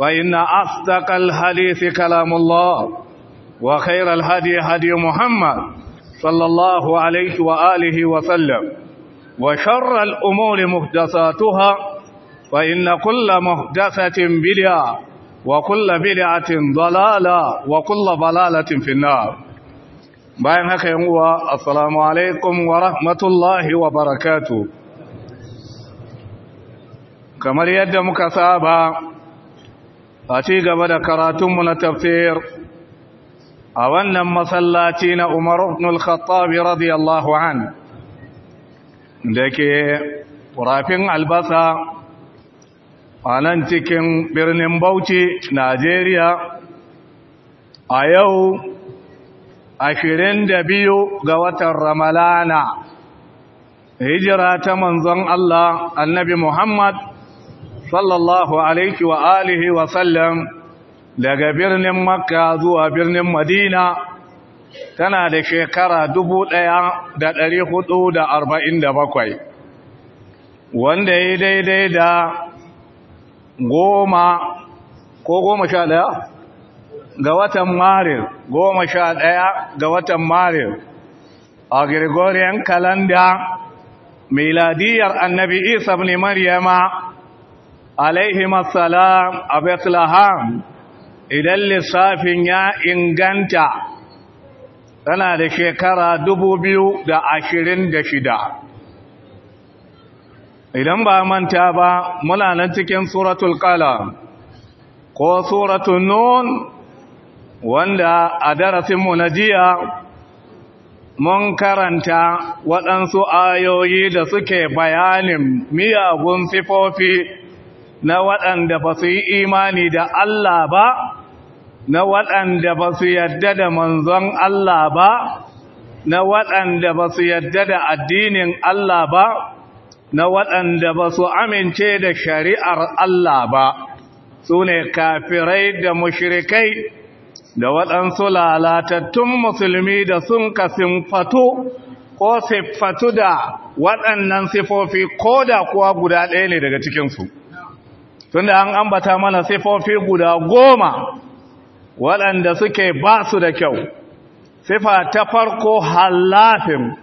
فإن أصدق الحديث كلام الله وخير الهدي هدي محمد صلى الله عليه وآله وسلم وشر الأمور محدثاتها فإن كل محدثة بدعة وكل بدعة ضلالة وكل ضلالة في النار باين هكا هو السلام عليكم ورحمة الله وبركاته كما يد مكسابا a ci gaba da karatunmu na tafsir a wannan masallaci na Umar ibn al-Khattab radiyallahu an rafin albasa a nan cikin birnin Bauchi Najeriya a yau ashirin da biyu ga watan Ramalana hijira ta manzon Allah annabi Muhammad sallallahu alaihi wa alihi wa sallam daga birnin makka zuwa birnin madina tana da shekara bakwai, wanda ya daidai da goma ko goma sha daya ga watan marir goma sha daya ga watan marir a gregorian kalanda miladiyar annabi isa ne maryama alaihim assalam a idan lissafin ya inganta tana da shekara dubu biyu da da ashirin shida. idan ba manta ba muna nan cikin suratul qalam ko suratul nun wanda a darasinmu na jiya mun karanta waɗansu ayoyi da suke bayanin miyagun sifofi na waɗanda ba su yi imani da Allah ba na waɗanda ba su yadda da manzon Allah ba na waɗanda ba su yadda da addinin Allah ba na waɗanda ba su amince da shari'ar Allah ba su ne kafirai da mushrikai da waɗansu lalatattun musulmi da sun ka simfatu ko siffatu da waɗannan sifofi ko da kuwa guda ɗaya ne daga cikinsu tunda an ambata mana sifofi guda goma waɗanda suke ba su da kyau sifa ta farko halafin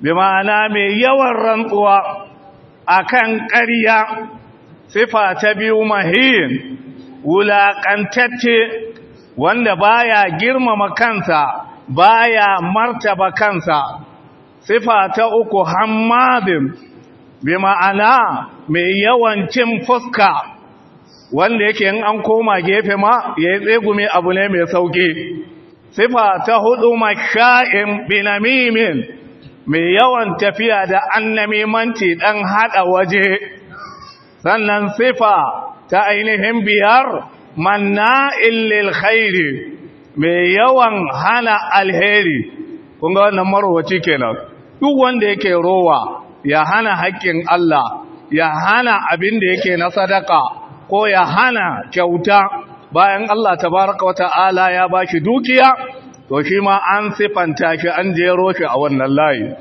bi ma'ana mai yawan rantsuwa a kan ƙarya sifa ta biyu mahiyin wulaƙantacce wanda baya girmama kansa baya martaba kansa sifa ta uku hammadin bi ma'ana mai yawan cin fuska wanda yake in an koma gefe ma ya yi tsegumi abu ne mai sauƙi sifa ta hudu maka'in binamimin mai yawan tafiya da manti ɗan haɗa waje sannan sifa ta ainihin biyar manna'in illil khairi mai yawan hana alheri Kunga wannan marowaci kenan duk wanda yake rowa ya hana haƙƙin Allah ya hana abin da yake na sadaka ko ya hana kyauta bayan Allah tabaraka wa ta'ala ya bashi dukiya to shi ma an sifanta shi an jero shi a wannan layi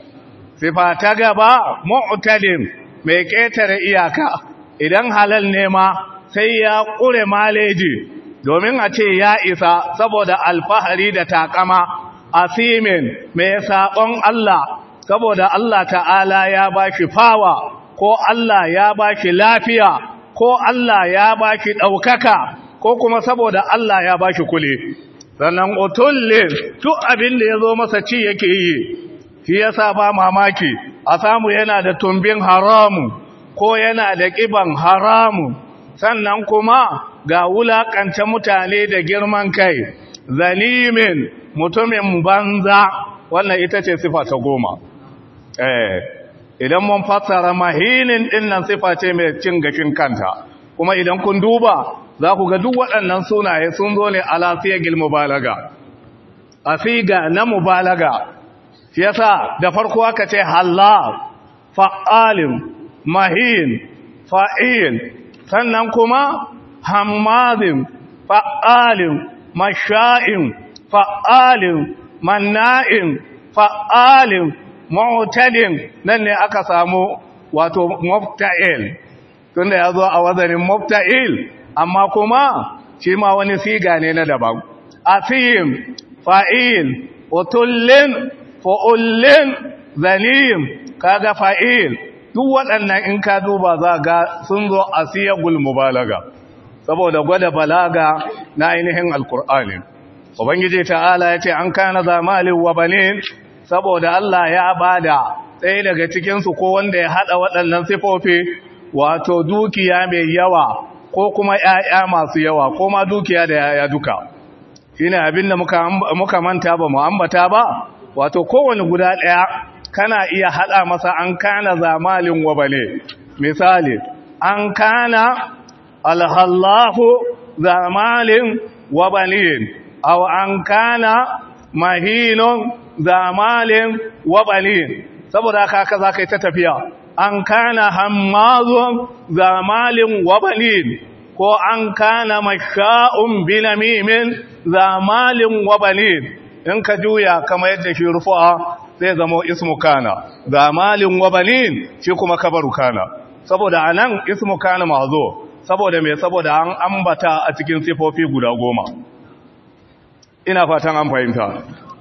sifa ta gaba mu'tadin mai ƙetare iyaka idan halal ne ma sai ya ƙure maleji domin a ce ya isa saboda alfahari da takama asimin mai saƙon Allah saboda Allah ta'ala ya ba shi fawa ko Allah ya ba shi lafiya ko Allah ya ba shi ɗaukaka ko kuma saboda Allah ya ba shi kule sannan otulle duk abin da ya zo masa ci yake yi shi ya ba mamaki a samu yana da tumbin haramu ko yana da ƙiban haramu sannan kuma ga wulaƙanta mutane da girman kai zanimin mutumin banza wannan ita ce sifa ta goma eh idan mun fassara mahinin din nan sifa ce mai cin gashin kanta kuma idan kun duba za ku ga duk waɗannan sunaye sun zo ne ala sigil mubalaga a siga na mubalaga shi yasa da farko aka ce halal fa'alim mahin fa'il sannan kuma hammazin fa'alin masha'in fa'alin manna'in fa'alin mu'tadin nan ne aka samu wato mufta'il tunda ya zo a wazanin mufta'il amma kuma shi ma wani siga ne na daban asim fa'il utullin fa'ullin zalim kaga fa'il duk waɗannan in ka duba za ga sun zo a siyagul mubalaga saboda gwada balaga na ainihin alkur'ani ubangiji ta'ala ya ce an kana zamalin wa banin saboda Allah ya bada ɗaya daga cikinsu ko wanda ya haɗa waɗannan sifofi wato dukiya mai yawa ko kuma ‘ya'ya masu yawa ko ma dukiya da ya duka shine abin da muka manta ba mu’ambata ba wato kowane guda ɗaya kana iya haɗa masa an kana zamalin wabale misali an kana alhallahu zamalin wabalin an kana mahinon zamalin wabalin saboda haka za ka yi ta tafiya an kana hammazun zamalin wabalin ko an kana makka'un bilamimin zamalin wabalin in ka juya kama yadda shi rufu'a sai zama ismu kana zamalin wabalin shi kuma kabaru kana saboda anan ismu kana mazo saboda mai saboda an ambata a cikin sifofi guda goma ina fatan an fahimta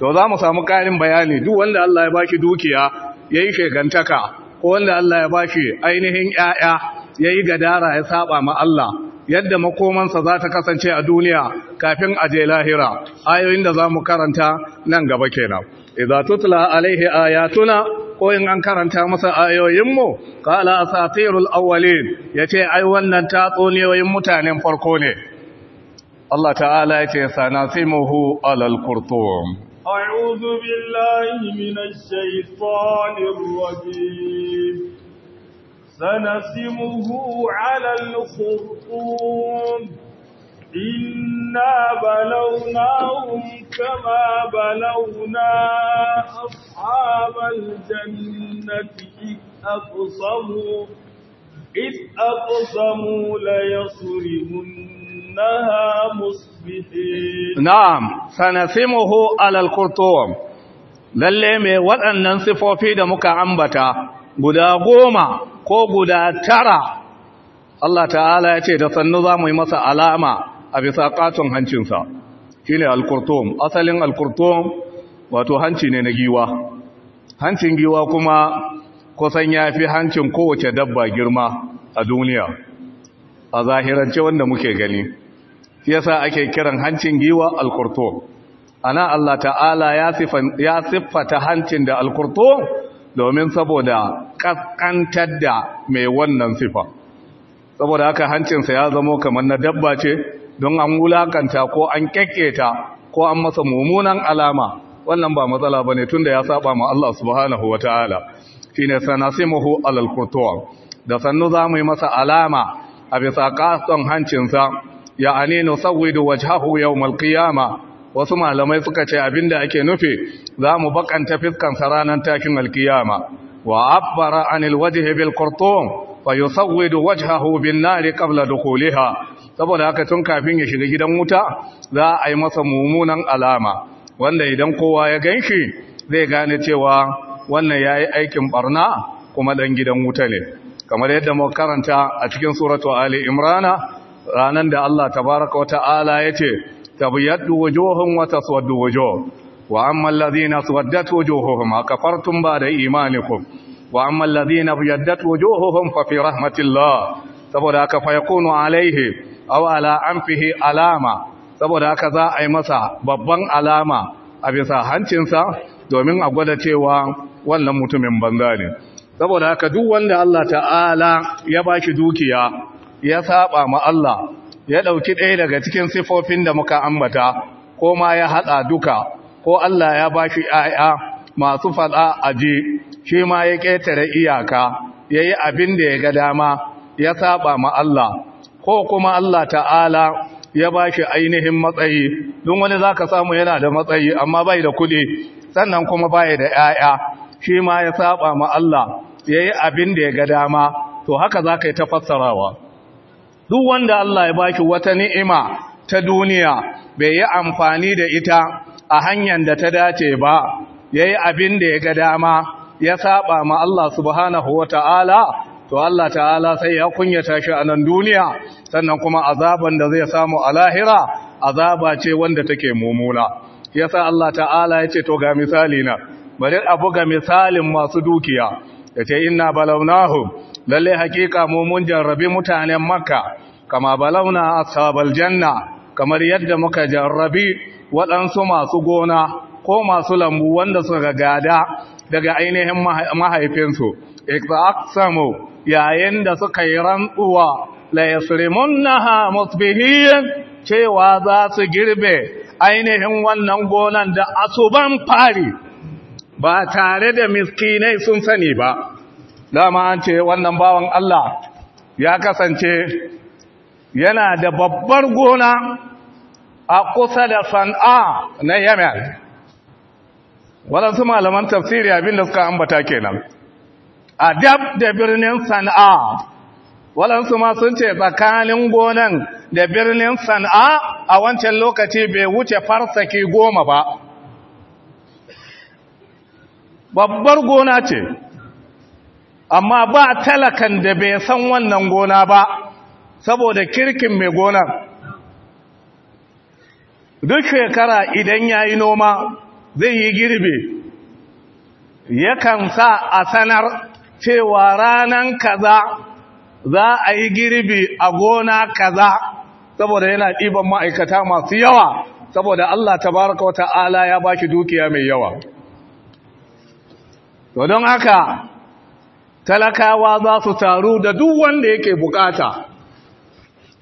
to za mu samu ƙarin bayani duk wanda Allah ya bashi dukiya ya yi shekantaka ko wanda Allah ya bashi ainihin ‘ya'ya ya yi gadara ya saba ma Allah yadda makomansa za ta kasance a duniya kafin a je lahira ayoyin da za mu karanta nan gaba kenan idza tutla alaihi ayatuna ko in an karanta masa ayoyinmu kala asatirul awwalin yace ai wannan tatsuniyoyin mutanen farko ne الله تعالى ya على sanasimuhu أعوذ بالله من الشيطان الرجيم سنسمه على الخرطوم إنا بلوناهم كما بلونا أصحاب الجنة إذ أقسموا إذ أقسموا ليصرمن فأخذناها مصبحين نعم سنسمه على الخرطوم lalle mai waɗannan sifofi da muka ambata guda goma ko guda tara Allah ta'ala ya ce da sannu za mu yi masa alama a bisa katon hancinsa shi ne alkurtom asalin alkurtom wato hanci ne na giwa hancin giwa kuma kusan ya fi hancin kowace dabba girma a duniya a zahirance wanda muke gani shi yasa ake kiran hancin giwa alkurto ana Allah ta'ala ya siffata hancin da alkurto domin saboda kaskantar da mai wannan siffa saboda haka hancinsa ya zamo kamar na dabba ce don an wulakanta ko an kyakketa ko an masa mummunan alama wannan ba matsala bane, tunda ya saba ma Allah subhanahu wa ta'ala shi ne sanasimahu alalkurtuwa da sannu za mu yi masa alama a bisa ƙasan hancinsa ya ani nusawwidu wajhahu yawmal qiyama wasu malamai suka ce abinda ake nufi za mu bakanta fiskan sa ranar takin alkiyama wa abbara anil wajhi bil qurtum fa yusawwidu wajhahu bin nar qabla dukhuliha saboda haka tun kafin ya shiga gidan wuta za a yi masa mummunan alama wanda idan kowa ya ganshi zai gane cewa wannan yayi aikin barna kuma ɗan gidan wuta ne kamar yadda mu karanta a cikin suratu ali imrana ranan da Allah tabaraka wa ta'ala yace tabyaddu wujuhum wa taswaddu wujuh wa amma alladhina swaddat wujuhuhum akafartum ba'da imanikum wa amma alladhina fiyaddat wujuhuhum fa fi rahmatillah saboda haka fa yakunu alaihi aw ala anfihi alama saboda haka za a yi masa babban alama a bisa hancinsa domin a gwada cewa wannan mutumin banza ne saboda haka duk wanda Allah ta'ala ya ba shi dukiya ya saba ma Allah ya dauki ɗaya daga cikin sifofin da muka ambata ko ma ya hada duka ko Allah ya ba shi ayya masu fada aje shi ma ya ketare iyaka yayi abin da ya ga dama ya saba ma Allah ko kuma Allah ta'ala ya ba shi ainihin matsayi don wani zaka samu yana da matsayi amma bai da kuɗi sannan kuma bai da 'ya'ya. shi ma ya saba ma Allah Yayi yi abin da ya ga dama to haka za ka yi ta fassarawa duk wanda Allah ya baki wata ni'ima ta duniya bai yi amfani da ita a hanyar da ta dace ba ya yi abin da ya ga dama ya saba ma Allah subhanahu wa ta'ala to Allah ta'ala sai ya kunyata shi a nan duniya sannan kuma azaban da zai samu a lahira azaba ce wanda take mumula yasa Allah ta'ala ya ce to ga misali na bari abu buga misalin masu dukiya ya ce inna balaunahu lalle hakika mu mun jarrabi mutanen makka kama balauna ashabal janna kamar yadda muka jarrabi waɗansu masu gona ko masu lambu wanda suka gada daga ainihin mahaifinsu iqtaqsamu yayin da suka yi rantsuwa la yasrimunnaha musbihiyan cewa za su girbe ainihin wannan gonan da asuban fari ba tare da miskinai sun sani ba dama an ce wannan bawan Allah ya kasance yana da babbar gona a kusa da san'a na yemen waɗansu malaman tafsiri abinda suka ambata kenan a dab da birnin san'a waɗansu ma sun ce tsakanin gonan da birnin san'a a wancan lokaci bai wuce farsaki goma ba babbar gona ce amma ba talakan da bai san wannan gona ba saboda kirkin mai gonar duk shekara idan ya yi noma zai yi girbe yakan sa a sanar cewa ranan kaza za a yi girbi a gona kaza saboda yana ɗiban ma'aikata masu yawa saboda Allah tabaraka Wata'ala ala ya bashi dukiya mai yawa to don haka talakawa za su taru da duk wanda yake bukata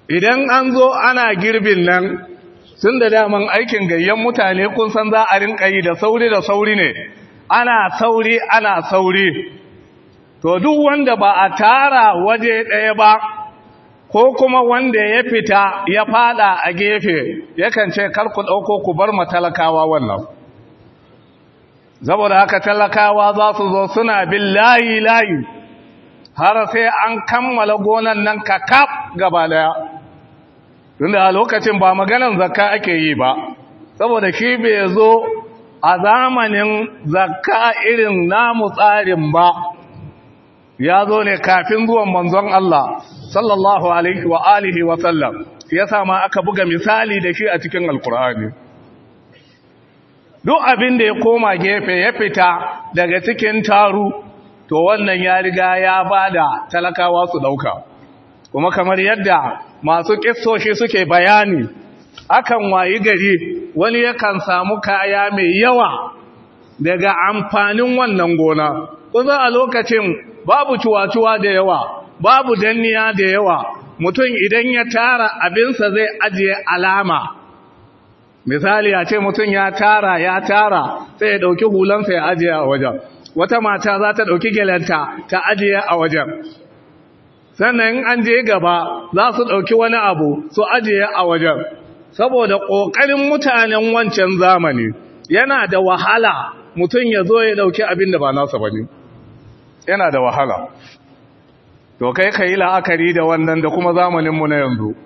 idan an zo ana girbin nan sun da daman aikin gayyan mutane kun san za a rinka yi da sauri da sauri ne ana sauri ana sauri to duk wanda ba a tara waje ɗaya ba ko kuma wanda ya fita ya fada a gefe yakan ce kar ku ɗauko ku bar matalakawa wannan saboda haka talakawa za su zo suna bin layi layi har sai an kammala gonan nan kakaf gaba daya tunda a lokacin ba maganan zakka ake yi ba saboda shi bai zo a zamanin zakka irin namu tsarin ba ya zo ne kafin zuwan manzon Allah sallallahu alaihi wa alihi wa sallam yasa ma aka buga misali da shi a cikin alkur'ani duk abin da ya koma gefe ya fita daga cikin taru to wannan ya riga ya bada talakawa su dauka kuma kamar yadda masu kissoshi suke bayani akan wayi gari wani yakan samu kaya mai yawa daga amfanin wannan gona kuma a lokacin babu cuwa-cuwa da yawa babu danniya da yawa mutum idan ya tara abinsa zai ajiye alama misali a ce mutum ya tara ya tara sai ya ɗauki hulansa ya ajiye a wajen wata mata za ta ɗauki gilanta ta ajiye a wajen sannan an je gaba za su ɗauki wani abu su ajiye a wajen saboda ƙoƙarin mutanen wancan zamani yana da wahala mutum ya zo ya ɗauki abin da ba nasa ba ne yana da wahala to kai ka yi la'akari da wannan da kuma zamaninmu na yanzu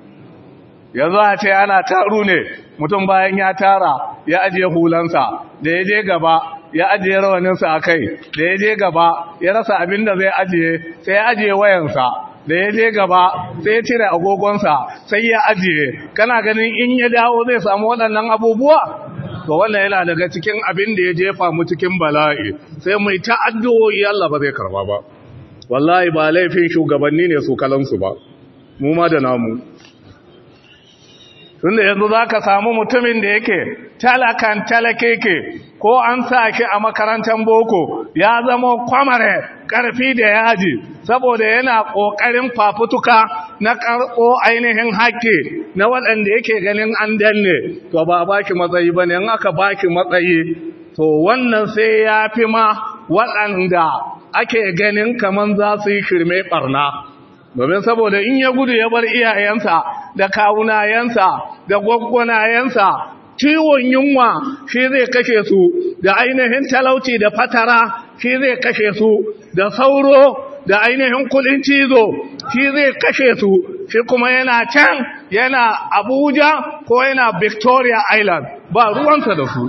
yanzu a ce ana taru ne mutum bayan ya tara ya ajiye hulansa da ya je gaba ya ajiye rawaninsa a kai da ya je gaba ya rasa abin da zai ajiye sai ya ajiye wayansa da ya je gaba sai ya cire agogonsa sai ya ajiye kana ganin in ya dawo zai samu waɗannan abubuwa to wannan yana daga cikin abin da ya jefa mu cikin bala'i sai mai ta'addu'o'i Allah ba zai karba ba wallahi ba laifin shugabanni ne su kalansu ba mu ma da namu tunda yanzu za ka samu mutumin da yake talakan talakeke ko an sa ke a makarantar boko ya zama kwamare ƙarfi da yaji saboda yana ƙoƙarin fafutuka na ƙarƙo ainihin haƙƙi na waɗanda yake ganin an danne to ba a baki matsayi ba ne in aka baki matsayi to wannan sai ya fi ma waɗanda ake ganin kamar za su yi shirme ɓarna domin saboda in ya gudu ya bar iyayensa da kawunayensa da gwaggwanayensa ciwon yunwa shi zai kashe su da ainihin talauci da fatara shi zai kashe su da sauro da ainihin kulin cizo shi zai kashe su shi kuma yana can yana abuja ko yana victoria island ba ruwansa da su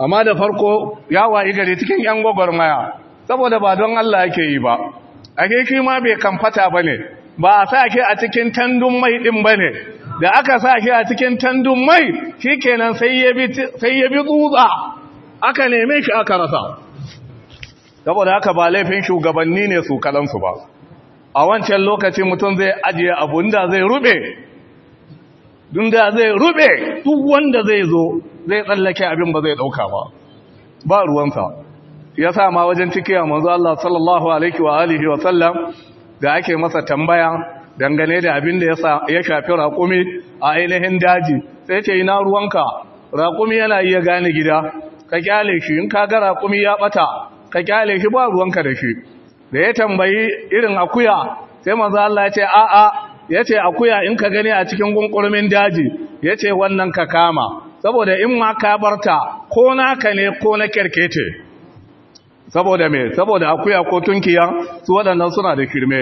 amma da farko ya igari cikin 'yan gwagwarmaya saboda ba don allah yake yi ba ake shi ma bai kamfata ba ne ba a sa shi a cikin tandun mai ɗin ba ne da aka sa shi a cikin tandun mai shi kenan sai ya bi tsutsa aka neme shi aka rasa saboda haka ba laifin shugabanni ne su kalansu ba a wancan lokaci mutum zai ajiye abu da zai rube dunda zai rube duk wanda zai zo zai tsallake abin ba zai ɗauka ba ba ruwansa ya sa ma wajen tikiya manzo Allah sallallahu alaihi wa alihi wa sallam da ake masa tambaya dangane da abin da ya shafi raƙumi a ainihin daji sai ce ina ruwanka raƙumi yana iya gane gida ka kyale shi in ka ga raƙumi ya bata ka kyale shi ba ruwanka da shi da ya tambayi irin akuya sai manzo Allah ya ce a'a ya ce akuya in ka gani a cikin gunkurmin daji ya ce wannan ka kama saboda in ma ka barta ko naka ne ko na kerkete saboda me saboda akuya ko tunkiya su waɗannan suna da shirme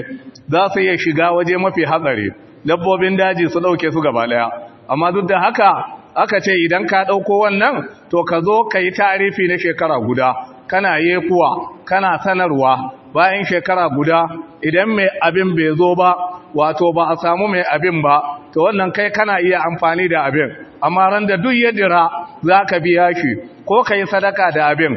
za su iya shiga waje mafi hatsari dabbobin daji su ɗauke su gaba ɗaya amma duk da haka aka ce idan ka ɗauko wannan to ka zo ka yi tarifi na shekara guda kana kuwa kana sanarwa bayan shekara guda idan mai abin bai zo ba wato ba a samu mai abin ba to wannan kai kana iya amfani da abin amma ran da duk ya dira za ka biya shi ko ka yi sadaka da abin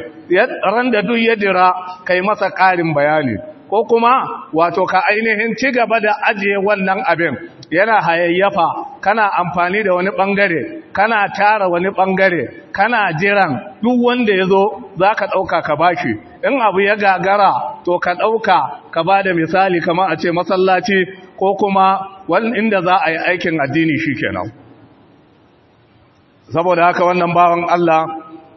ran da duk ya dira ka yi masa ƙarin bayani ko kuma wato ka ainihin ci gaba da ajiye wannan abin yana hayayyafa kana amfani da wani bangare kana tara wani bangare kana jiran duk wanda ya zo za ka ɗauka ka ba shi. in abu ya gagara to ka ɗauka ka ba da misali kamar a ce masallaci ko kuma inda za a yi aikin addini shi kenan saboda haka wannan bawan Allah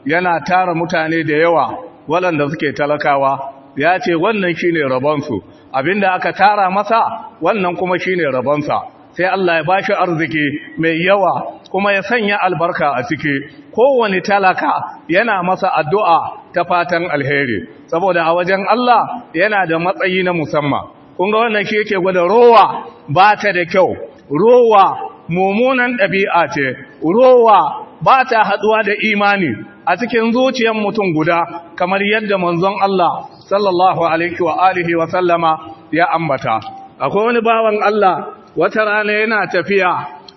yana tara mutane da yawa waɗanda suke talakawa ya ce wannan shi ne rabonsu abinda aka tara masa wannan kuma shi shine rabonsa sai Allah ya bashi arziki mai yawa kuma ya sanya albarka a ciki kowane talaka yana masa addu'a ta fatan alheri saboda a wajen Allah yana da matsayi na musamman kun ga wannan shi yake gwada rowa ba ta da kyau rowa mummunan ɗabi'a ce rowa ba ta haɗuwa da imani a cikin zuciyar mutum guda kamar yadda manzon Allah sallallahu alaihi wa alihi wa sallama ya ambata akwai wani bawan Allah wata rana yana tafiya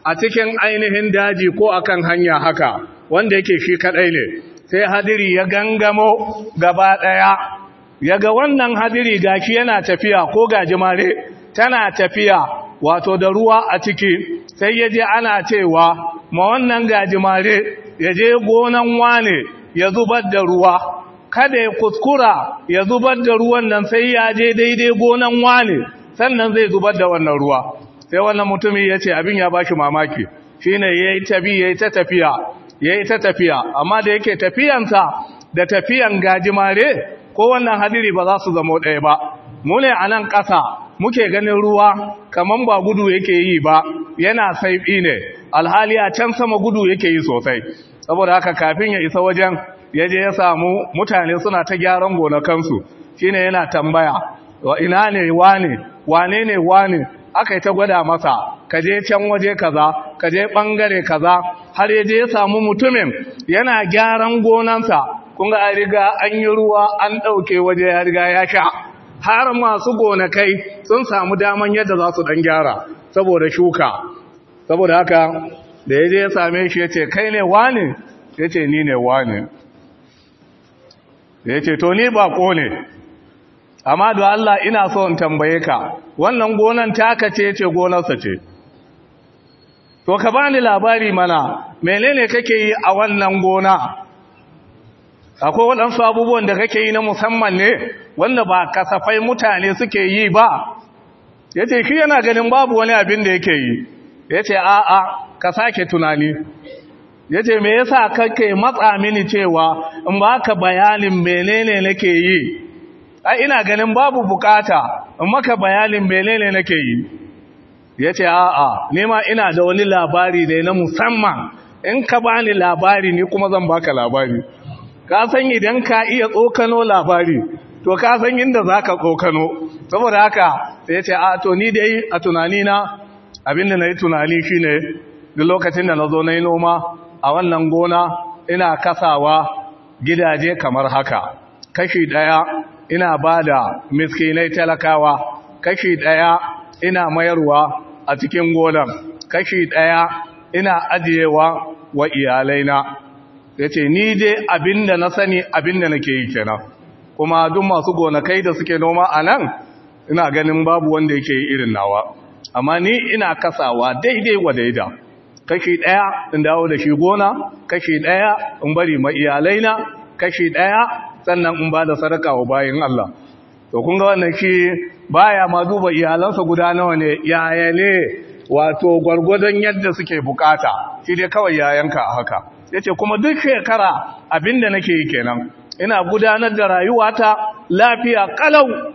a cikin ainihin daji ko akan hanya haka wanda yake shi kadai ne sai hadiri ya gangamo gaba daya yaga wannan hadiri gashi yana tafiya ko gajimare tana tafiya wato da ruwa a ciki sai yaje ana cewa ma wannan gajimare yaje gonan wane ya zubar da ruwa kada ya kuskura ya zubar da ruwan nan sai ya je daidai gonan wane sannan zai zubar da wannan ruwa sai wannan mutumin ya ce abin ya bashi mamaki shine yi tabi yi ta tafiya yi ta tafiya amma da yake tafiyansa da tafiyan gajimare ko wannan hadiri ba za su zama ɗaya ba mu ne a nan ƙasa muke ganin ruwa kamar ba gudu yake yi ba yana saifi ne alhali a can sama gudu yake yi sosai saboda haka kafin ya isa wajen ya je ya samu mutane suna ta gyaran gonakansu shine yana tambaya wa ina ne wane wane ne wane aka yi ta gwada masa ka je can waje kaza ka je bangare kaza har ya je ya samu mutumin yana gyaran gonansa kun ga riga an yi ruwa an ɗauke waje ya riga ya sha har masu gonakai sun samu daman yadda za su ɗan gyara saboda shuka saboda haka da ya je ya same shi ya ce kai ne wane ya ce ni ne wane ya ce to ni bako ne amma da Allah ina so in tambaye ka wannan gonan taka ce ce gonarsa ce to ka bani labari mana menene kake yi a wannan gona akwai waɗansu abubuwan da kake yi na musamman ne wanda ba kasafai mutane suke yi ba ya ce ki yana ganin babu wani abin da yake yi ya ce a'a ka sake tunani ya ce me yasa kake matsa mini cewa in ba ka bayanin menene nake yi ai ina ganin babu bukata in maka bayanin menene nake yi yace a'a nema ina da wani labari da na musamman in ka bani labari ni kuma zan baka labari ka san idan ka iya tsokano labari to ka san inda zaka tsokano saboda haka sai yace a to ni dai a tunani na abinda nayi tunani shine duk lokacin da nazo nayi noma a wannan gona ina kasawa gidaje kamar haka kashi daya ina ba da miskinai talakawa kashi ɗaya ina mayarwa a cikin gonan kashi ɗaya ina ajiyewa wa iyalaina ya ce ni dai abinda na sani abinda nake yi kenan kuma duk masu gonakai da suke noma a nan ina ganin babu wanda yake yi irin nawa amma ni ina kasawa daidai wa daida kashi ɗaya in dawo da shi gona kashi ɗaya in bari ma iyalaina kashi ɗaya sannan in ba da sadaka wa bayin Allah to kun ga wannan shi baya ma duba iyalansa guda nawa ne yaya wato gwargwadon yadda suke bukata shi dai kawai yayanka a haka yace kuma duk shekara abinda nake yi kenan ina gudanar da rayuwata lafiya kalau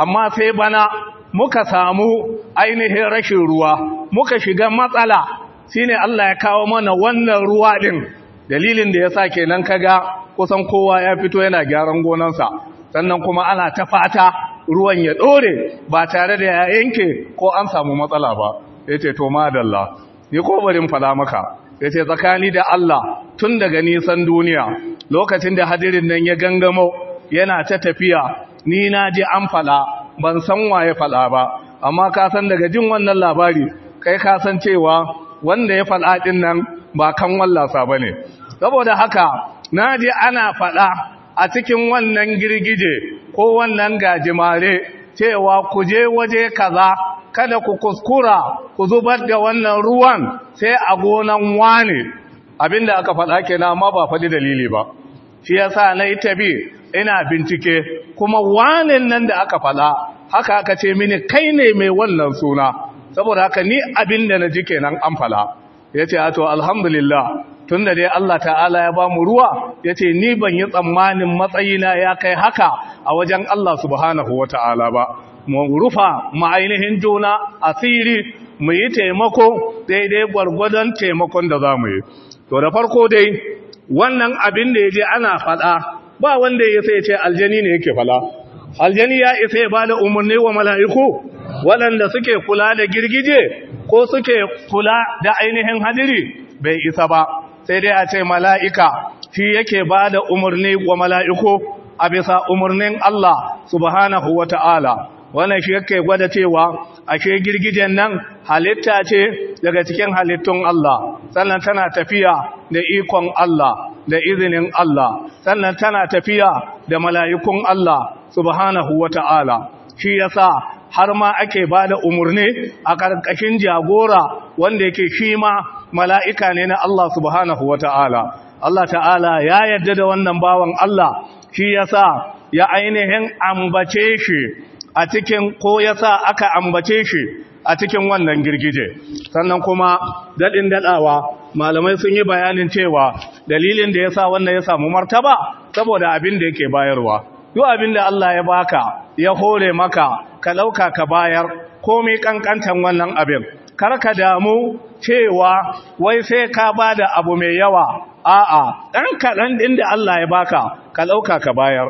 amma sai bana muka samu ainihin rashin ruwa muka shiga matsala Shi ne Allah ya kawo mana wannan ruwa ɗin. dalilin da ya sa kenan kaga kusan kowa ya fito yana gyaran gonansa sannan kuma ana ta fata ruwan ya ɗore ba tare da ya yanke ko an samu matsala ba yace to madalla ni ko barin fada maka yace tsakani da Allah tun daga nisan duniya lokacin da hadirin nan ya gangamo yana ta tafiya ni na ji an fada ban san waye fada ba amma ka san daga jin wannan labari kai ka san cewa wanda ya faɗa ɗin nan ba kan wallasa ba ne saboda haka na ji ana faɗa a cikin wannan girgije ko wannan gajimare cewa ku je waje kaza kada ku kuskura ku zubar da wannan ruwan sai a gonan wane abinda aka faɗa kenan amma ba faɗi dalili ba shi yasa na ita bi ina bincike kuma wanen nan da aka faɗa haka aka ce mini kai ne mai wannan suna saboda haka ni abin da na ji kenan an fala ya ce to alhamdulillah tun da dai Allah ta'ala ya ba mu ruwa ya ce ni ban yi tsammanin matsayina ya kai haka a wajen Allah subhanahu wa ta'ala ba mu rufa ma'ainihin juna asiri mu yi taimako daidai gwargwadon taimakon da za mu yi to da farko dai wannan abin da ya je ana faɗa ba wanda ya sai ce aljani ne yake fala aljani ya isa ya bada umarni wa mala'iku waɗanda suke kula da girgije ko suke kula da ainihin hadiri bai isa ba sai dai a ce mala'ika shi yake ba da umarni wa mala'iku a bisa umarnin Allah subhanahu wa ta'ala wannan shi yake gwada cewa ashe girgijen nan halitta ce daga cikin halittun Allah sannan tana tafiya da ikon Allah da izinin Allah sannan tana tafiya da mala'ikun Allah subhanahu wa ta'ala shi yasa har ma ake ba da umarni a ƙarƙashin jagora wanda yake shi ma mala'ika ne na Allah subhanahu wa ta'ala Allah ta'ala ya yarda da wannan bawan Allah shi ya sa ya ainihin ambace shi a cikin ko ya sa aka ambace shi a cikin wannan girgije sannan kuma daɗin daɗawa malamai sun yi bayanin cewa dalilin da ya sa wannan ya samu martaba saboda abin da yake bayarwa duk abin da Allah ya baka ya hore maka ka lauka ka bayar komai kankantan wannan abin kar ka damu cewa wai sai ka bada abu mai yawa a'a ɗan kaɗan din da Allah ya baka ka lauka ka bayar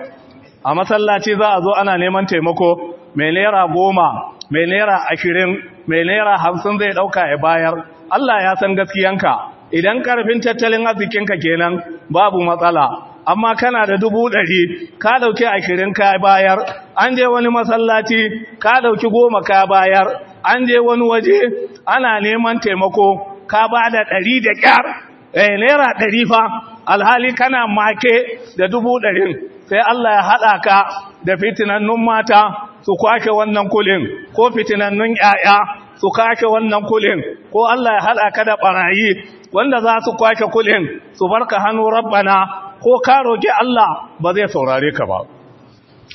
a masallaci za a zo ana neman taimako mai naira goma mai naira ashirin mai naira hamsin zai ɗauka ya bayar Allah ya san gaskiyanka idan ƙarfin tattalin arzikinka kenan babu matsala amma kana da dubu ɗari ka ɗauki ashirin ka bayar an je wani masallaci ka ɗauki goma ka bayar an je wani waje ana neman taimako ka ba da ɗari da ƙyar eh, naira ɗari fa alhali kana make da dubu ɗarin sai Allah ya haɗa ka da fitinannun mata su kwashe wannan kulin ko fitinannun 'ya'ya su kwashe wannan kulin ko Allah ya haɗa ka da ɓarayi wanda za su kwashe kulin su barka hannu rabbana ko ka roƙi Allah ba zai saurare ka ba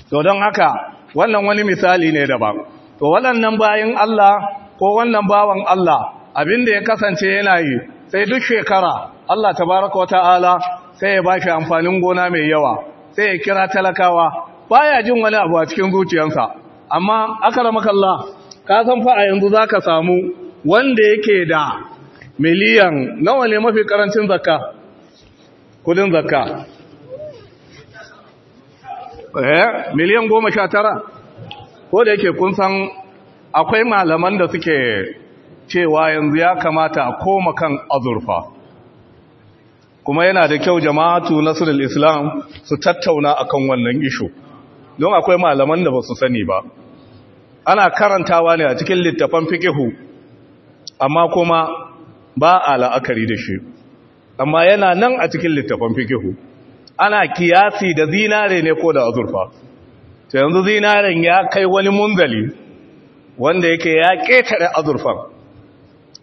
to don haka wannan wani misali ne daban to waɗannan bayan Allah ko wannan bawan Allah abin da ya kasance yana yi sai duk shekara Allah tabaraka wa ta'ala sai ya ba shi amfanin gona mai yawa sai ya kira talakawa baya jin wani abu a cikin zuciyarsa amma akramakallah ka san fa a yanzu zaka samu wanda yake da miliyan nawa ne mafi karancin zakka kudin zakka eh miliyan goma sha tara ko da yake kun san akwai malaman da suke cewa yanzu ya kamata a koma kan azurfa kuma yana da kyau jama'atu nasirul islam su tattauna akan wannan ishu don akwai malaman da ba su sani ba ana karantawa ne a cikin littafan fikihu amma kuma ba a la'akari da shi amma yana nan a cikin littafan fikihu ana kiyasi da zinare ne ko da azurfa to yanzu zinaren ya kai wani munzali wanda yake ya ƙetare azurfan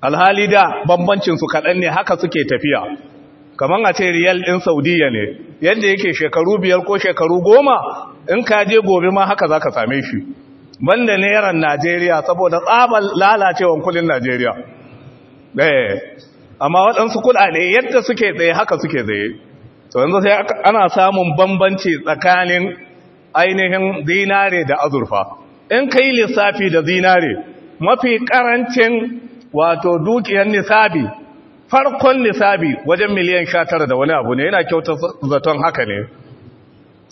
alhali da su kaɗan ne haka suke tafiya kamar a ce riyal ɗin saudiya ne yadda yake shekaru biyar ko shekaru goma in ka je gobe ma haka zaka same shi banda neran najeriya saboda tsabar lalacewan kulin najeriya ɗaya eh, amma waɗansu ne yadda suke tsaye haka suke tsaye to yanzu sai ana samun bambanci tsakanin ainihin zinare da azurfa in ka yi lissafi da zinare mafi ƙarancin wato dukiyar nisabi farkon nisabi wajen miliyan sha tara da wani abu ne yana kyauta zaton haka ne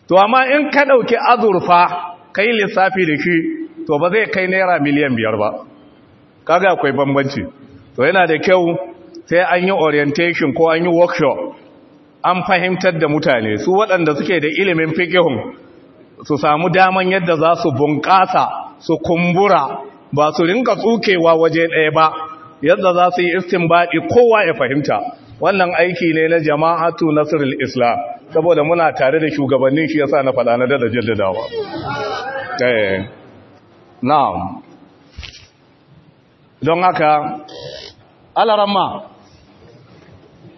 to amma in ka ɗauki azurfa ka yi lissafi da shi to ba zai kai naira miliyan biyar ba kaga akwai bambanci to yana da kyau sai an yi orientation ko an yi workshop an fahimtar da mutane su waɗanda suke da ilimin fikihun su samu daman yadda za su bunƙasa su kumbura ba su rinka tsukewa waje ɗaya ba yadda za su yi istinbaɗi kowa ya fahimta wannan aiki ne na jama'atu nasirul islam saboda muna tare da shugabannin shi yasa na faɗa na da jaddadawa eh, don haka alarama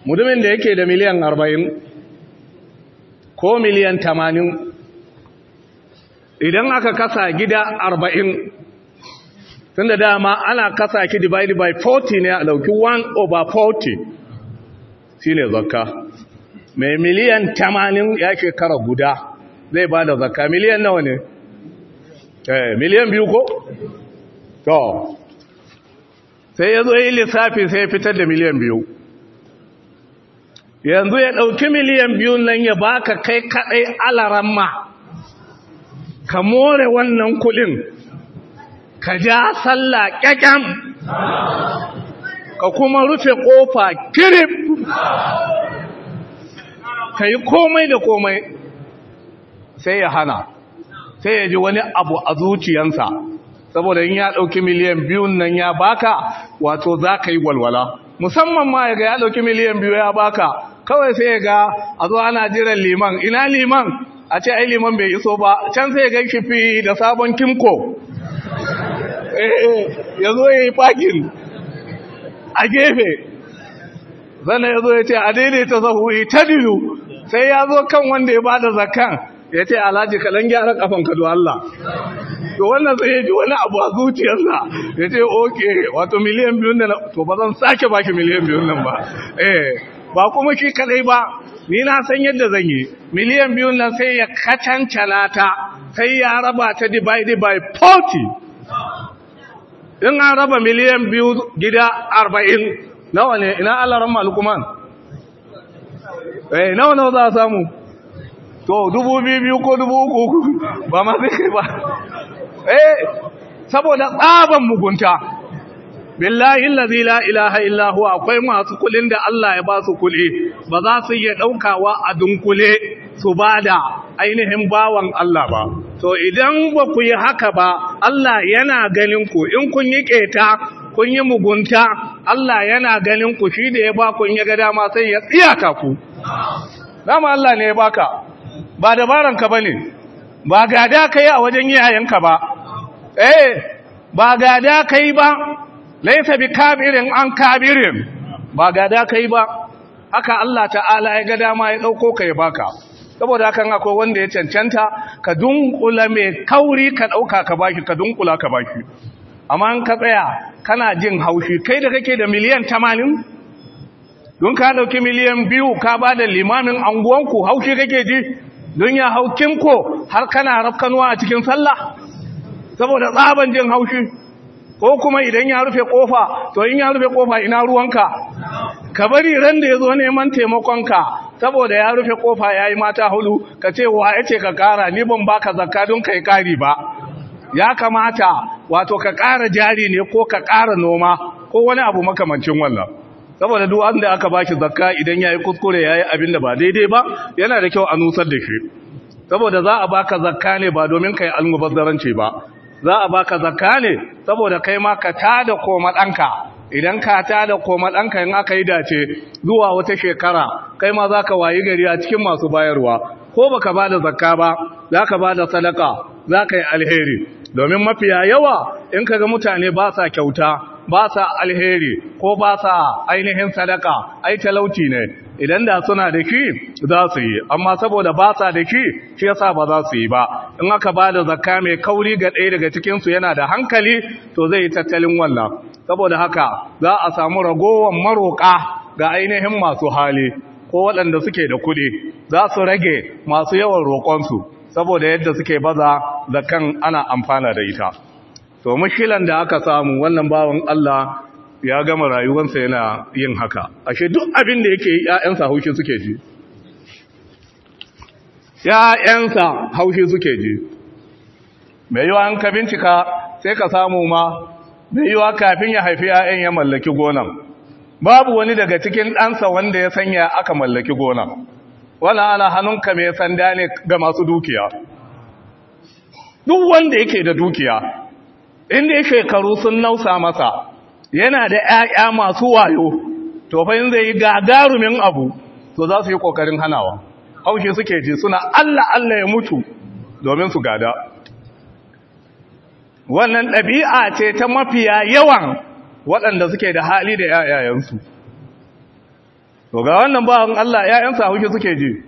mutumin da yake da miliyan arba'in ko miliyan tamanin idan aka kasa gida arba'in tun da dama ana kasa ki divided by 40 ne a dauki 1 over 40 shi ne zakka mai miliyan tamanin ya ke kara guda zai ba da zakka miliyan nawa ne eh miliyan biyu ko to sai ya zo yi lissafi sai fitar da miliyan biyu yanzu ya ɗauki miliyan biyun nan ya baka kai kaɗai alaramma ka more wannan kulin ka ja sallah ƙyaƙyan ka kuma rufe ƙofa kirif ka yi komai da komai sai ya hana sai ya ji wani abu a zuciyansa saboda in ya ɗauki miliyan biyun nan ya baka wato za ka yi walwala musamman ma ya ga ya ɗauki miliyan biyu ya baka kawai sai ya ga a zo ana jiran liman ina liman a ce ai liman bai iso ba can sai ga kifi da sabon kimko eh, eh, ya zo ya yi fakin a gefe zana ya zo ya ce a daidaita zahuyi ta dilu sai ya zo kan wanda ya bada zakan ya ce alhaji kalan gyara kafan kado Allah to wannan sai ya ji wani abu a zuciyarsa ya ce oke wato miliyan biyun na, to ba zan sake baki miliyan biyun nan ba eh ba kuma shi kadai ba ni na san yadda zan yi miliyan biyun nan sai ya katancala ta sai ya raba ta divide by 40 in an raba miliyan biyu gida 40 nawa ne ina Allah alaran malukuman eh nawa nawa za a samu to dubu biyu ko dubu uku ba ma zai ba eh saboda tsaban mugunta billahi allazi la ilaha illa akwai masu kulin da Allah ya ba su kuli ba za su iya ɗaukawa a dunkule su bada ainihin bawan Allah ba to idan ba ku yi haka ba Allah yana ganin ku in kun yi keta kun yi mugunta Allah yana ganin ku shi da ya ba ku ya ga dama sai ya tsiyaka ku dama Allah ne ya baka ba ka bane ba gada kai a wajen iyayenka ba eh ba gada kai ba laisa bi kabirin an kabirin ba gada kai ba haka Allah ta'ala ya ga dama ya dauko ya baka saboda hakan akwai wanda ya cancanta ka dunkula mai kauri ka dauka ka baki ka dunkula ka baki amma an ka tsaya kana jin haushi kai da kake da miliyan 80 don ka dauki miliyan 2 ka bada limamin anguwanku haushi kake ji don ya haukin ko har kana rafkanuwa a cikin sallah saboda tsaban jin haushi ko kuma idan ya rufe kofa to in ya rufe kofa ina ruwanka ka bari ran da ya zo neman taimakonka saboda ya rufe kofa yayi mata hulu ka ce wa yace ka kara ni ban baka zakka don kai kari ba ya kamata wato ka kara jari ne ko ka kara noma ko wani abu makamancin wannan saboda duk wanda aka baki zakka idan yayi kuskure yayi abin da ba daidai ba yana da kyau a nusar da shi saboda za a baka zakka ne ba domin kai almubazzaranci ba za a baka zakka ne saboda kai ma ka tada koma danka, idan ka tada koma danka, in aka yi dace zuwa wata shekara kai ma zaka wayi gari a cikin masu bayarwa ko baka bada zakka ba zaka ka ba sadaka za ka yi alheri domin mafiya yawa in ka mutane ba sa kyauta ba sa alheri ko ba sa ainihin sadaka ai talauci ne idan da suna da ki za su yi amma saboda ba sa da ki shi yasa ba za su yi ba in aka ba da zakka mai kauri ga ɗaya daga cikin su yana da hankali to zai yi tattalin wannan saboda haka za a samu ragowar maroƙa ga ainihin masu hali ko waɗanda suke da kuɗi za su rage masu yawan roƙonsu saboda yadda suke baza zakan ana amfana da ita to mashilan da aka samu wannan bawan Allah ya gama rayuwarsa yana yin haka ashe duk abin da yake yi ƴaƴansa haushi suke ji ƴaƴansa haushi suke ji mai yiwa an ka bincika sai ka samu ma mai yiwa kafin ya haifi 'ya'yan ya mallaki gonan babu wani daga cikin ɗansa wanda ya sanya aka mallaki gonan wala ana hannunka mai sanda ne ga masu dukiya duk wanda yake da dukiya inda shekaru sun nausa masa yana da ‘ya'ya masu wayo to fa zai yi gagarumin abu to za su yi ƙoƙarin hanawa haushe suke ji suna Allah Allah ya mutu domin su gada wannan ɗabi'a ce ta mafiya yawan waɗanda suke da hali da ‘ya'yayensu to ga wannan bawan Allah ƴaƴansa haushe suke ji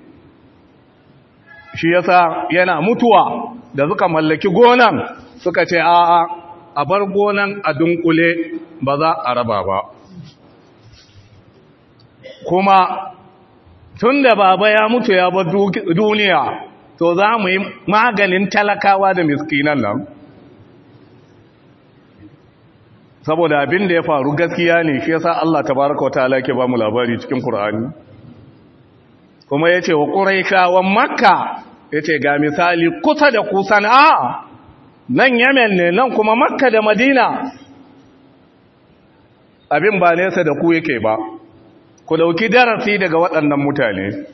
shi yasa yana mutuwa da suka mallaki gonan suka ce a'a a bar gonan a dunkule ba za a raba ba kuma tun da baba ya mutu ya bar duniya to za mu yi maganin talakawa da miskinan nan saboda abin da ya faru gaskiya ne shi yasa Allah tabaraka wataala ke ba mu labari cikin Qur'ani kuma yace wa quraishawan makka yace ga misali kusa da kusana nan yamen ne nan kuma makka da madina abin ba nesa da ku yake ba ku dauki darasi daga waɗannan mutane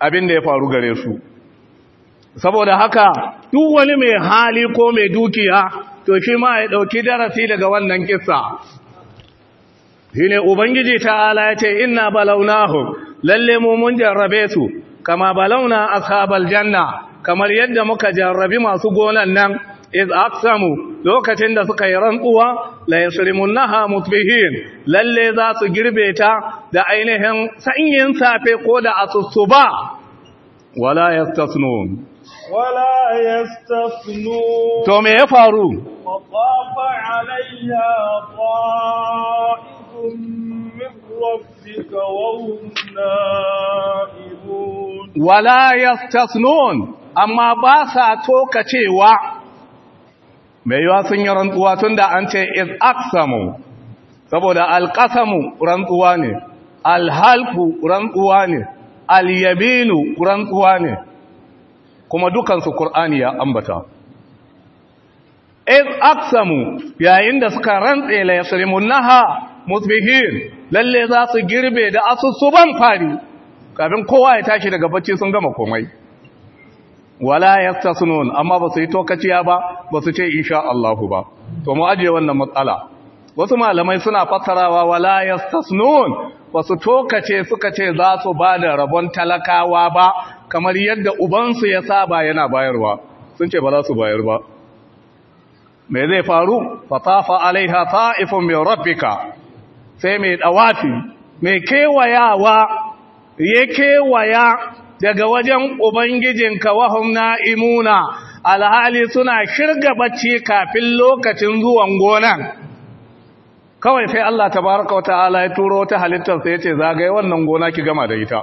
abin da ya faru gare su saboda haka duk wani mai hali ko mai dukiya to shi ma ya dauki darasi daga wannan kissa shine ubangiji ta'ala ya ce inna balawnahum lalle mu mun jarrabe su kama balauna ashabal janna kamar yadda muka jarrabi masu gonan nan iz aqsamu lokacin da suka yi rantsuwa la yasrimunha mutbihin lalle za su girbe ta da ainihin sanyin safe ko da asusuba wala yastasnun wala yastasnun to me ya faru waqafa alayha qa'idun min rabbika wa hum naibun wala yastasnun amma ba sa tokacewa mai yiwa sun yi rantsuwa tun da an ce is aksamu saboda alƙasamu rantsuwa ne alhalku rantsuwa ne alyabinu rantsuwa ne kuma dukansu ƙur'ani ya ambata is aksamu yayin da suka rantse la yasrimunnaha musbihin lalle za su girbe da asusuban fari kafin kowa ya tashi daga bacci sun gama komai wala yastasnun amma ba su yi tokaciya ba ba su ce insha Allah ba to mu ajiye wannan matsala wasu malamai suna fassarawa wala yastasnun ba su tokace suka ce za su ba da rabon talakawa ba kamar yadda ubansu ya saba yana bayarwa sun ce ba za su bayar ba me zai faru fatafa alaiha ta'ifun min rabbika sai mai dawafi mai kewayawa ya kewaya daga wajen ubangijinka wahum na'imuna alhali suna shirga bacci kafin lokacin zuwan gonan kawai sai Allah tabaraka wata'ala ya turo ta halittar sai ce zagaye wannan gona ki gama da ita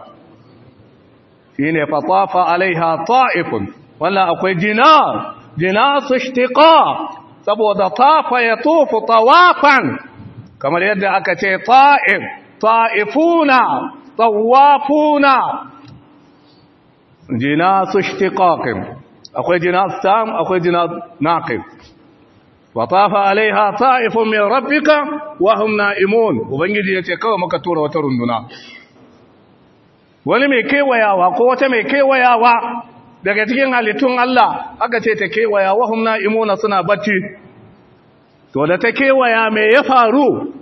shine fasafa alaiha ta'ifun wannan akwai jina, jina su ishtiqa saboda tafa ya tofu tawafan kamar yadda aka ce ta'if ta'ifuna tawafuna jinasu ishtiqaqin akwai jinasu tam akwai jinasu naqib wa tafa alaiha ta'ifun min rabbika wa hum na'imun ubangiji yace kawai maka tura wata runduna wani mai kewayawa ko wata mai kewayawa daga cikin halittun Allah aka ce ta kewaya wa hum na'imuna suna bacci to da ta kewaya me ya faru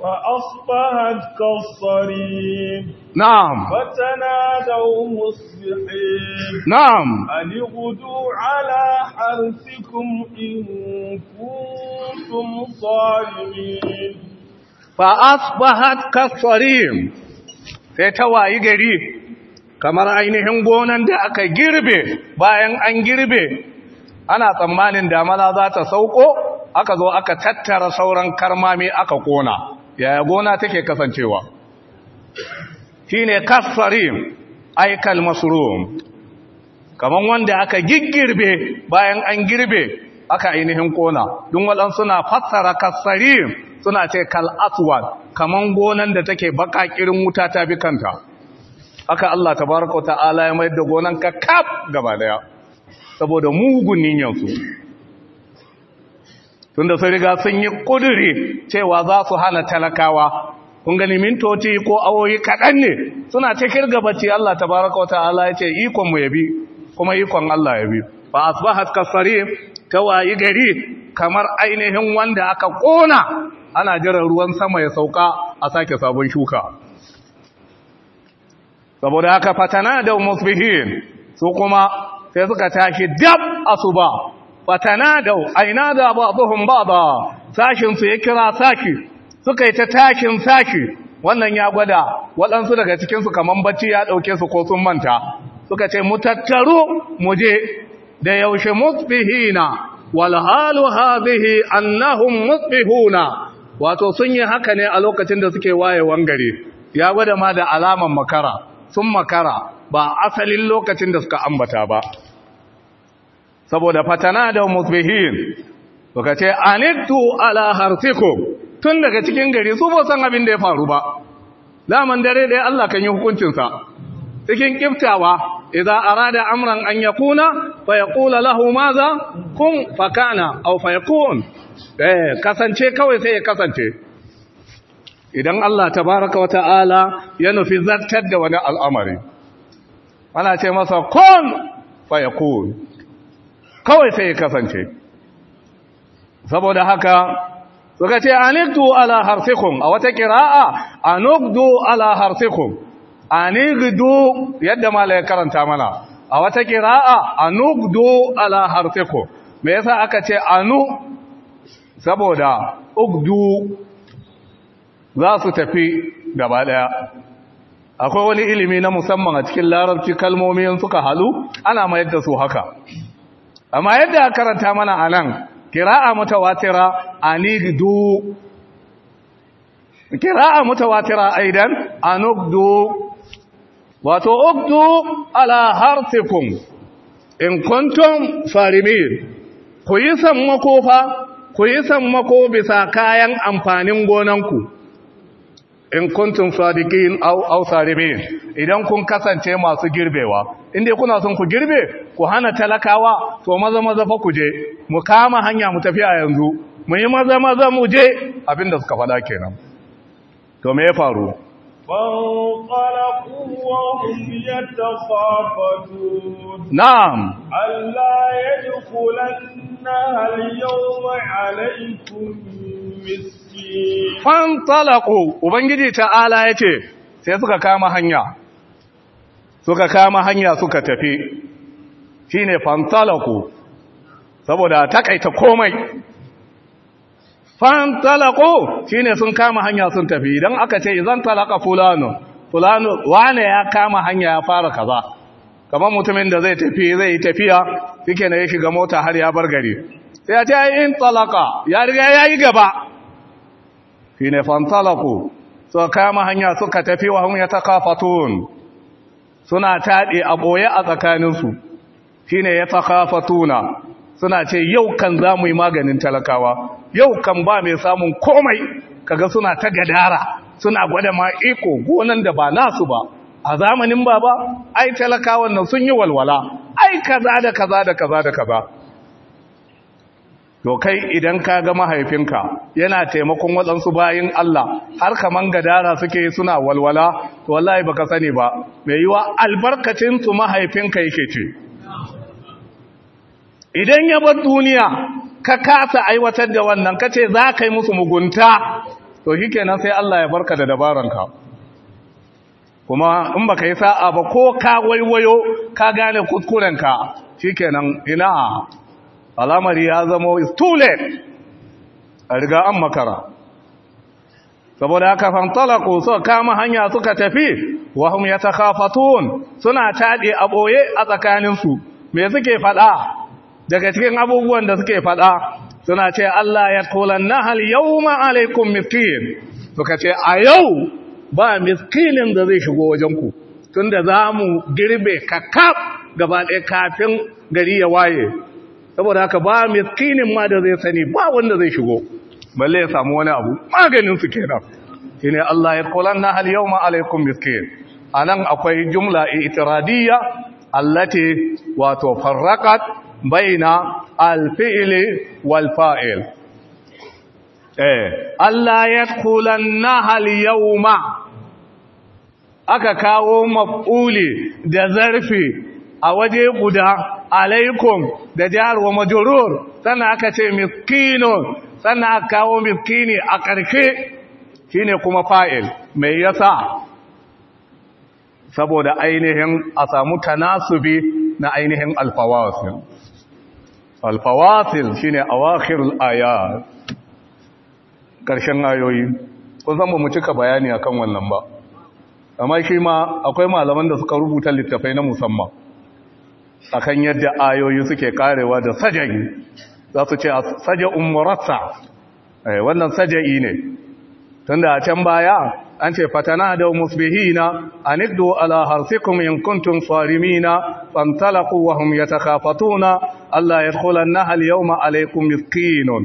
فأصبحت كالصريم نعم فتنادوا مصبحين نعم أن اغدوا على حرثكم إن كنتم صارمين فأصبحت كالصريم فتوى قريب kamar ainihin gonan da aka girbe bayan an girbe ana tsammanin damana za ta sauko aka zo aka tattara sauran karmami aka kona yaya gona take kasancewa Shi shine kassarim aikal masrum Kamar wanda aka giggirbe bayan an girbe aka ainihin kona don waɗansu suna fassara kasari suna ce kal aswad kaman gonan da take bakakirin wuta ta bi kanta haka Allah ta tabaraka Ala ya mai da gonan ka kaf gaba daya saboda mugun niyyar tunda sun riga sun yi kuduri cewa za su hana talakawa kun gani mintoci ko awoyi kaɗan ne suna cikin gabaci Allah tabaraka wa ta'ala ya ce ikon mu bi kuma ikon Allah ya yabi fa asbahat ta wayi gari kamar ainihin wanda aka kona ana jiran ruwan sama ya sauka a sake sabon shuka saboda aka fatana da musbihin su kuma sai suka tashi dab asuba fatanadau da ba'dhum ba'da sashin su ya kira sashi suka yi ta tashin sashi wannan ya gwada waɗansu daga cikin su kaman bacci ya dauke su ko sun manta suka ce mutattaru muje da yaushe musbihina wal halu hadhihi annahum musbihuna wato sun yi haka ne a lokacin da suke wayewan gari ya gwada ma da alaman makara sun makara ba asalin lokacin da suka ambata ba saboda fatana da musbihin suka ce anittu ala harsikum tun daga cikin gari su ba san abin da ya faru ba zaman dare dai Allah kan yi hukuncinsa cikin kiftawa idza arada amran an yakuna fa yaqula lahu maza kun fakana aw yakun eh kasance kawai sai ya kasance idan Allah tabaraka wa ta'ala ya nufi zartar da wani al'amari ana ce masa kun yakun kawai sai ya kasance saboda haka suka ce anigdu ala harsikun a wata kira'a anugdu ala harsikun anigdu yadda mala ya karanta mana a wata kira'a anugdu ala harsikun me yasa aka ce anu saboda ugdu za su tafi gaba daya akwai wani ilimi na musamman a cikin larabci kalmomi suka halu ana mayar da su haka amma yadda ya karanta mana a nan kira'a mutawatira anigdu kira'a mutawatira aidan anugdu wato ugdu ala hartikum in kuntum farimin ku yi sammako fa ku yi sammako bisa kayan amfanin gonanku in kuntum sadiqin aw aw sarimin idan kun kasance masu girbewa inda kuna son ku girbe ku hana talakawa to maza maza fa ku je mu kama hanya mu tafi a yanzu mu yi maza maza mu je abinda suka faɗa kenan to me ya faru fan وهم ubangiji نعم ألا يدخلنها اليوم sai suka kama hanya suka kama hanya suka tafi shine fantalaku saboda takaita komai fantalaku shine sun kama hanya sun tafi idan aka ce zan talaka fulano fulano wane ya kama hanya ya fara kaza kamar mutumin da zai tafi zai yi tafiya shike ne ya shiga mota har ya bar gari sai ya ce in talaka ya riga ya yi gaba shine fantalaku suka kama hanya suka tafi wa hum yatakafatun suna taɗe a ɓoye a tsakaninsu shi ne ya tsakafatuna suna ce yau kan za mu yi maganin talakawa yau kan ba mai samun komai kaga suna ta gadara suna gwada ma iko gonan da ba nasu ba a zamanin baba ai talakawan nan sun yi walwala ai kaza da kaza da kaza da kaza to kai idan ka ga mahaifinka yana taimakon wadansu bayin Allah har kaman gadara suke suna walwala to wallahi baka sani ba mai yiwa albarkacin su mahaifinka yake ce idan ya bar duniya ka kasa aiwatar da wannan kace za ka yi musu mugunta to shikenan sai Allah ya barka da dabaranka kuma in baka yi sa'a ba ko ka waiwayo ka gane kuskurenka shikenan ina al'amari ya zama is too late a riga an makara saboda haka ko suka kama hanya suka tafi wahum yatakhafatun suna tade a boye a tsakanin su me suke fada daga cikin abubuwan da suke fada suna ce Allah ya kulanna nahal yawma alaikum miskin suka ce a yau ba miskinin da zai shigo wajen ku tunda zamu girbe kakkab gaba ɗaya kafin gari ya waye saboda haka ba miskinin ma da zai sani ba wanda zai shigo balle ya samu wani abu maganin su kenan shine Allah ya qulan na hal yawma alaikum miskin anan akwai jumla itiradiyya allati wato farraqat baina alfi'ili, wal fa'il eh Allah ya qulan na hal yawma aka kawo maf'uli da zarfi a waje guda alaikum da jihar wa majorur sannan aka ce miskino sannan aka kawo miskini a ƙarshe ne kuma fa'il mai yasa saboda ainihin a samu tanasubi na ainihin alfawasil alfawasil a wakil aya ƙarshen ayoyi ko zan ba mu cika bayani akan wannan ba amma shi ma akwai malaman da suka rubuta littafai na musamman akan yadda ayoyi suke karewa da saja'i za su ce saja'un murassa eh, wannan saja'i ne tunda a can baya an ce fatana da musbihina aniddu ala harsikum in kuntum sarimina fantalaqu na? Allah ya alla yadkhulanna al ma alaykum miskinun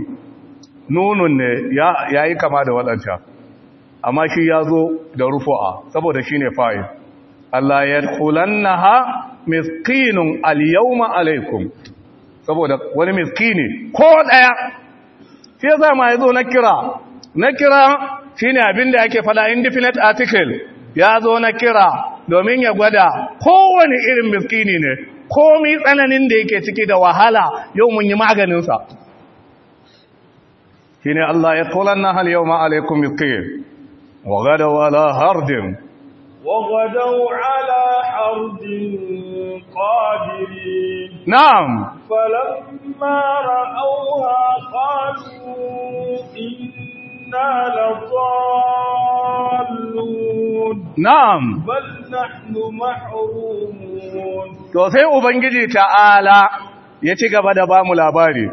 nunun ne ya yi kama da wadanta amma shi ya zo da rufu'a saboda shine fa'il alla ha? miskinun al-yawma alaikum saboda wani miskini ko daya shi yasa ma yazo na kira na kira shine abin da yake fada indefinite article ya zo na kira domin ya gwada kowane irin miskini ne komai tsananin da yake ciki da wahala yau mun yi maganin sa shine Allah ya tolanna hal yawma alaikum miskin wa gada wala hardin وغدوا على حرد قادرين نعم فلما رأوها قالوا إنا لضالون نعم بل نحن محرومون to sai ubangiji ta'ala ya ci gaba da bamu labari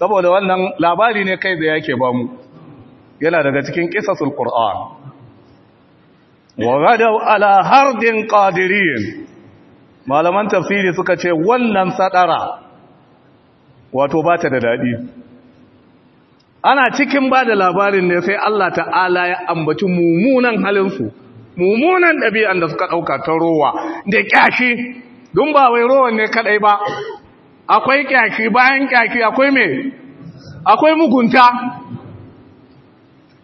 saboda wannan labari ne kai da yake bamu yana daga cikin qisasul qur'an wa gadau ala hardin qadirin malaman tafsiri suka ce wannan sadara wato ba ta da daɗi ana cikin ba da labarin ne sai Allah ta'ala ya ambaci mummunan halinsu mummunan ɗabi'an da suka ɗauka ta rowa da ƙyashi don ba wai rowan ne kadai ba akwai kyashi bayan kyashi akwai me akwai mugunta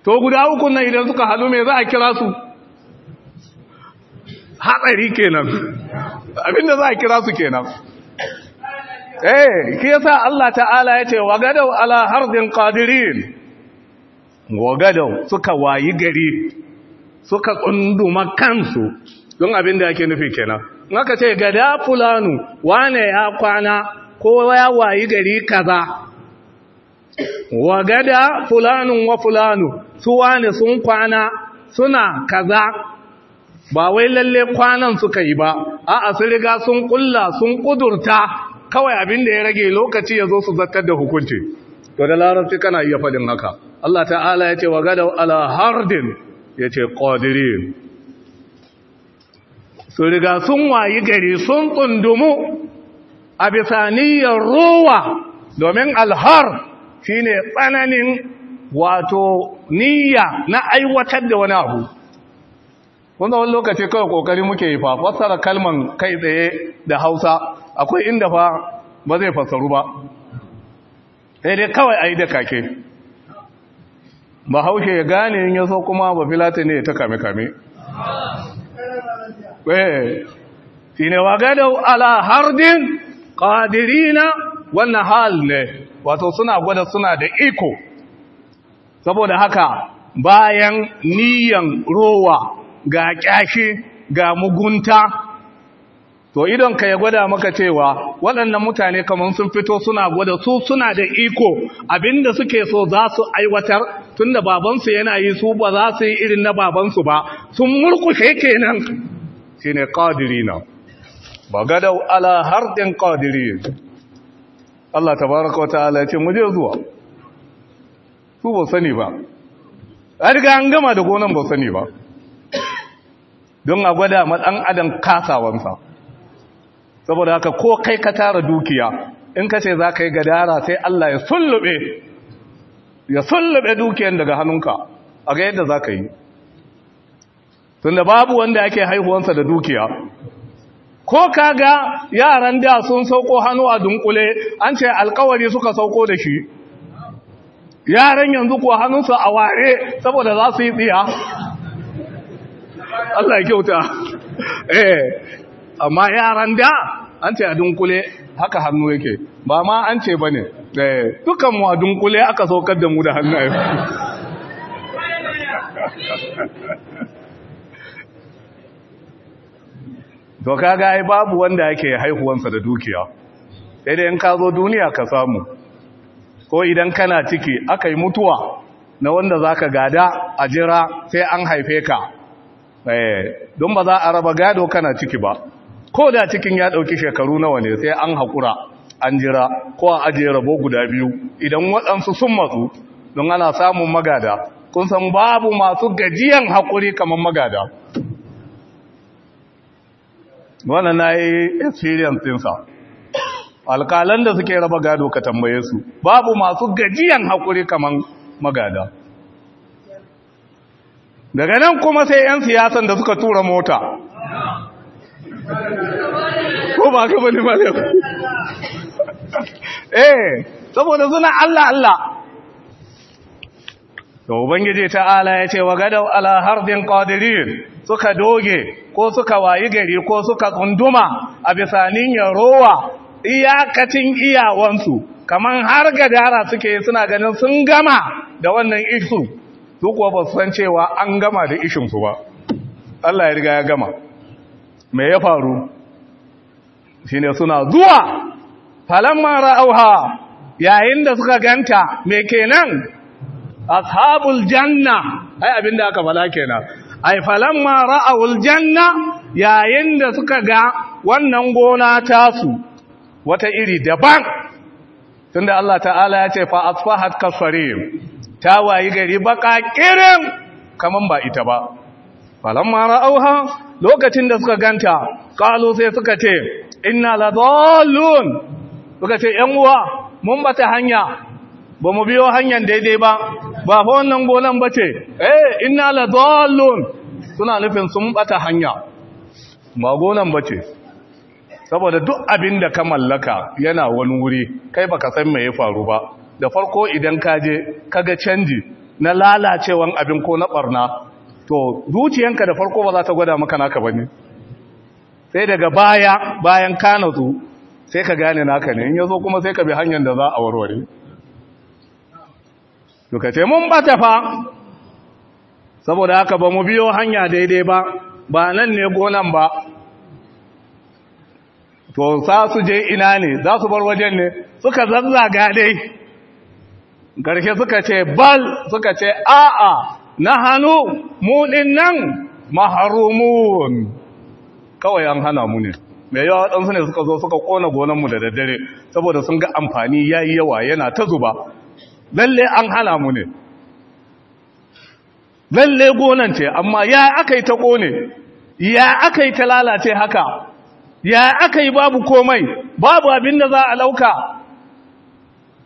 to guda uku nan idan suka haɗu me za a kira su hatsari kenan abinda za a kira su kenan eh yasa Allah ta'ala yace gadau ala hardin qadirin gadau suka wayi gari suka tsunduma kansu don abinda yake nufi kenan in aka ce gada fulanu wane ya kwana ko ya wayi gari kaza wa gada fulanun wa fulanu su wane sun kwana suna kaza ba wai lalle kwanan suka yi ba a'a sun riga sun kulla sun kudurta kawai abin da ya rage lokaci ya zo su zartar da hukunci to da larabci kana iya faɗin haka Allah ta'ala ya ce wa gada ala hardin ya ce ƙodirin su riga sun wayi gari sun tsundumu a bisaniyar ruwa domin alhar shine tsananin wato niyya na aiwatar da wani abu wanda wani lokaci kawai kokari muke yi fa fassara kalman kai tsaye da hausa akwai inda fa ba zai fassaru ba sai dai kawai a yi da kake ba haushe ya gane in yaso kuma ba filata ne ta kame-kame eh, shi ne wagadau ala hardin ƙadirina wannan hal ne wato suna gwada suna da iko saboda haka bayan niyan rowa ga ƙyashi ga mugunta to idonka ya gwada maka cewa waɗannan mutane kamar sun fito suna gwada su suna da iko abinda suke so za su aiwatar tunda babansu yana yi su ba za su yi irin na babansu ba sun murkushe kenan ƙadiri na ba gadau ala harɗin ƙadiri Allah Ta baraka wata ala ce mu je zuwa su ba sani ba an riga an gama da gonan ba sani ba don a gwada matsan adam kasawansa saboda haka ko kai ka tara dukiya in ka ce za ka yi gadara sai Allah ya sullube ya sullube dukiyan daga hannunka a ga yadda za ka yi tunda babu wanda ake haihuwansa da dukiya ko kaga yaran da sun sauko hannu a dunkule an ce alkawari suka sauko da shi yaran yanzu ko hannunsa a ware saboda za su yi tsiya Allah ya kyauta eh amma yaran da an ce a dunkule haka hannu yake ba ma an ce bane eh dukan mu a dunkule aka saukar da mu da ai to kaga ai babu wanda yake haihuwansa da dukiya sai dai in ka zo duniya ka samu ko idan kana ciki aka yi mutuwa na wanda zaka gada a jira sai an haife ka Eh, don ba za a raba gado kana ciki ba ko da cikin ya ɗauki shekaru nawa ne sai an haƙura an jira ko a ajiye rabo guda biyu idan waɗansu sun matsu don ana samun magada kun san babu masu gajiyan haƙuri kamar magada wannan na yi experience ɗinsa alƙalan da suke raba gado ka tambaye su babu masu gajiyan haƙuri kamar magada daga nan kuma sai 'yan siyasan da suka tura mota ko ba ka bani bali eh saboda suna Allah Allah da ubangiji ta'ala ya ce wa gadau ala hardin qadirin suka doge ko suka wayi gari ko suka kunduma a bisanin yarowa iyakacin iyawansu kaman har gadara suke suna ganin sun gama da wannan isu su kuwa ba san cewa an gama da ishinsu ba Allah ya riga ya gama me ya faru shi ne suna zuwa falamma ra'auha yayin da suka ganta me kenan ashabul janna ai abinda aka fala kenan ai falamma ra'aul janna yayin da suka ga wannan gona tasu wata iri daban tunda Allah ta'ala ya ce fa asfahat kasarim ta wayi gari baka kirin kaman ba ita ba mara auha. lokacin da suka ganta kalu sai suka ce inna ladallun suka ce yan uwa mun ta hanya ba mu biyo hanyar daidai ba ba fa wannan gonan ce eh inna ladallun suna nufin sun bata hanya ba gonan ce. saboda duk abin da ka mallaka yana wani wuri kai baka san me ya faru ba da farko idan ka je kaga canji na lalacewan abin ko na barna to zuciyanka da farko ba za ta gwada maka naka bane sai daga baya bayan ka sai ka gane naka ne in yazo kuma sai ka bi hanyar da za a warware to sai ce mun bata fa saboda haka ba mu biyo hanya daidai ba ba nan ne gonan ba to sa su je ina ne za su bar wajen ne suka zazzaga dai garke suka ce bal suka ce a'a na hannu muɗin nan maharumun kawai an hana mu ne mai yawa waɗansu ne suka zo suka ƙona gonanmu da daddare saboda sun ga amfani ya yi yawa yana ta zuba lalle an hana mu ne lalle gonan ce amma ya aka yi ta ƙone ya aka yi ta lalace haka ya aka yi babu komai babu abin da za a lauka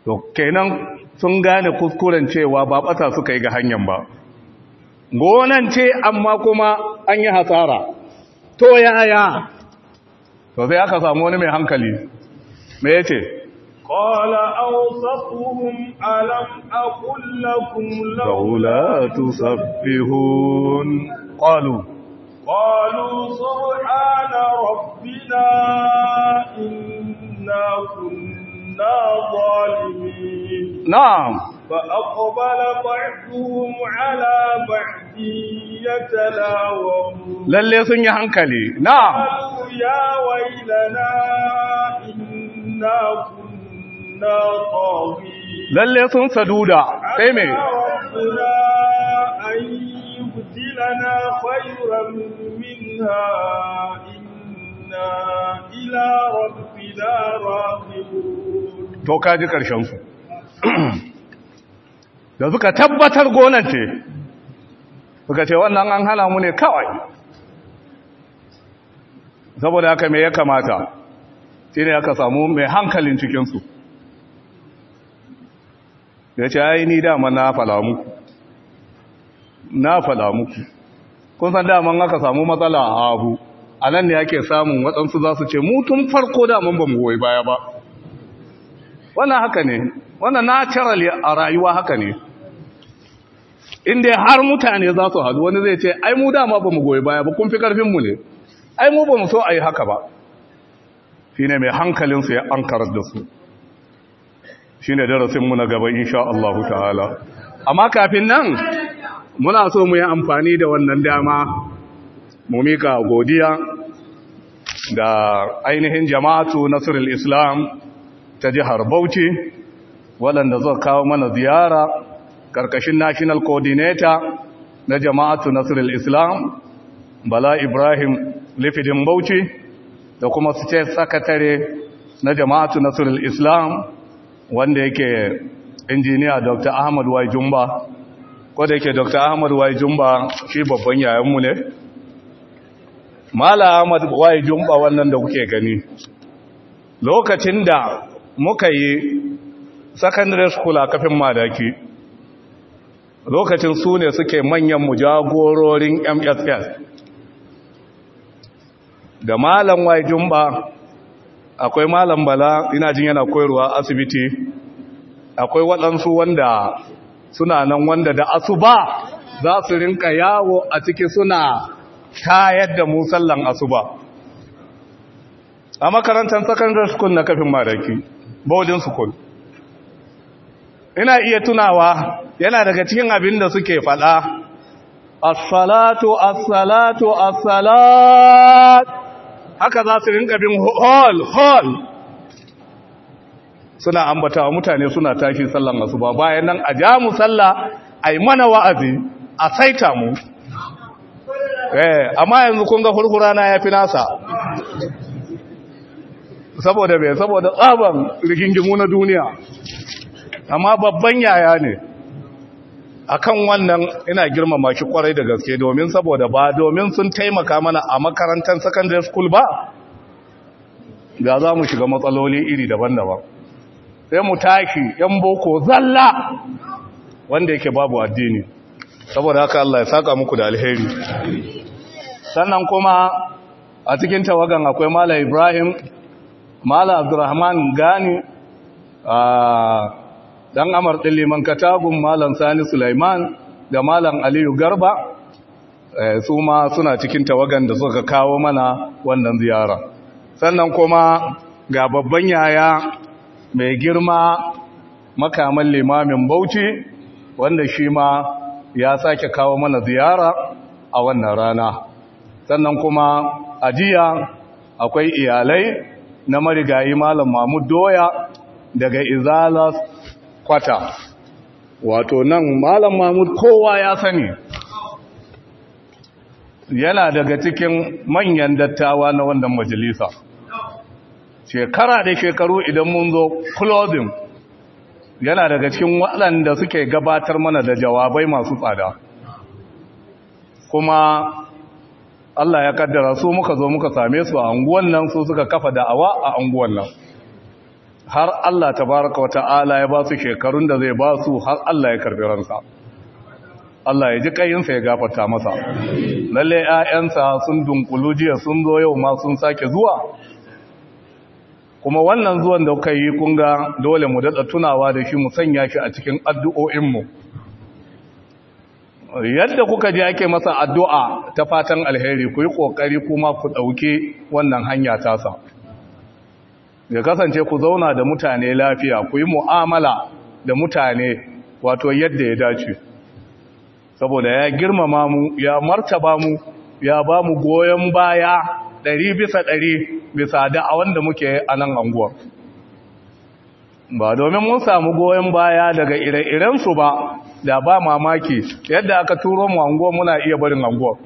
to kenan sun gane kuskuren cewa ba ɓata suka yi ga hanyar ba gonan ce amma kuma an yi hasara to yaya to sai aka samu wani mai hankali me ya ce قال أوسطهم tu sabbi hun kwalu. تسبحون sun ana rabbi na ina كنا كنا ظالمين نعم فأقبل بعضهم على بعض يتلاومون للي سنجي هنكلي نعم قالوا يا ويلنا إنا كنا طاغين lalle sun saduda sai me to kaji su. da suka tabbatar gonar ce suka ce wannan an hana mu ne kawai saboda haka mai ya kamata shi ne aka samu mai hankalin cikinsu ya ce ya yi ni dama na fala muku na fala muku kun san daman aka samu matsala a abu a nan ne ake samun waɗansu za su ce mutum farko daman ba mu goyi baya ba wannan haka ne wannan natural a rayuwa haka ne inda har mutane za su hadu wani zai ce ai mu dama ba mu goyi baya ba kun fi karfinmu ne ai mu ba mu so a yi haka ba shi ne mai hankalinsu ya an da su shi ne mu na gaba insha Allah ta'ala amma kafin nan muna so mu yi amfani da wannan dama mu mika godiya da ainihin jama'atu nasirul islam ta jihar Bauchi waɗanda zai kawo mana ziyara ƙarƙashin National Coordinator na jama'atu Nasirul Islam Bala Ibrahim Lifidin Bauchi da kuma ce sakatare na jama'atu Nasirul Islam wanda yake injiniya Dr. Ahmad Wai Jumba ko da yake Dr. Ahmad Wai Jumba shi babban yayanmu ne Mala Ahmad Wai Jumba wannan da kuke gani lokacin da muka yi secondary school a kafin madaki lokacin su ne suke manyan mujagororin mss da malam wai jumba akwai malam bala ina jin yana koyarwa asibiti akwai waɗansu wanda suna nan wanda da asuba za su rinka yawo a ciki suna shayar da musallan asuba a makarantar secondary school na kafin maraki Bodin kun ina iya tunawa yana daga cikin abin da suke faɗa assalatu assalatu assalat haka za su rinka bin hall hall suna ambatawa mutane suna tashi sallan ba bayan nan a ja mu sallah yi mana wa'azi a saita mu eh amma yanzu kun ga hurhurana fi nasa saboda bai saboda tsaban rigingimu na duniya amma babban yaya ne akan wannan ina girmama shi kwarai da gaske domin saboda ba domin sun taimaka mana a makarantar secondary school ba ga za mu shiga matsaloli iri daban-daban sai mu tashi yan boko zalla wanda yake babu addini saboda haka Allah ya saka muku da alheri sannan kuma a cikin tawagan akwai Malam Ibrahim mala abdurrahman gani dan amar din liman katagun malam sani sulaiman da malam aliyu garba e, su ma suna cikin tawagan da suka kawo mana wannan ziyara sannan kuma ga babban yaya mai girma makaman limamin bauchi wanda shi ma ya sake kawo mana ziyara a wannan rana sannan kuma ajiya akwai iyalai na marigayi malam mahmud doya daga izalas kwata wato nan malam mahmud kowa ya sani yana daga cikin manyan dattawa na wannan majalisa shekara da shekaru idan mun zo clothing yana daga cikin waɗanda suke gabatar mana da jawabai masu tsada kuma Allah ya kaddara su muka zo muka same su a anguwan nan su suka kafa da'awa a anguwan nan har Allah tabaraka wata'ala ya ba su shekarun da zai ba su har Allah ya karbi ransa Allah ya ji kayinsa ya gafarta masa lalle 'ya'yansa sun dunkulu jiya sun zo yau ma sun sake zuwa kuma wannan zuwan da kuka yi kunga dole mu dada tunawa da shi mu sanya shi a cikin addu'o'in mu. yadda kuka ji ake masa addu'a ta fatan alheri ku yi ƙoƙari kuma ku ɗauki wannan hanya tasa ya kasance ku zauna da mutane lafiya ku yi mu'amala da mutane wato yadda ya dace saboda ya girmama mu ya martaba mu ya ba mu goyon baya ɗari bisa ɗari bisa da wanda muke a nan anguwar ba domin mun samu goyon baya daga ire iren su ba da ba mamaki yadda aka turo mu anguwa muna iya barin anguwa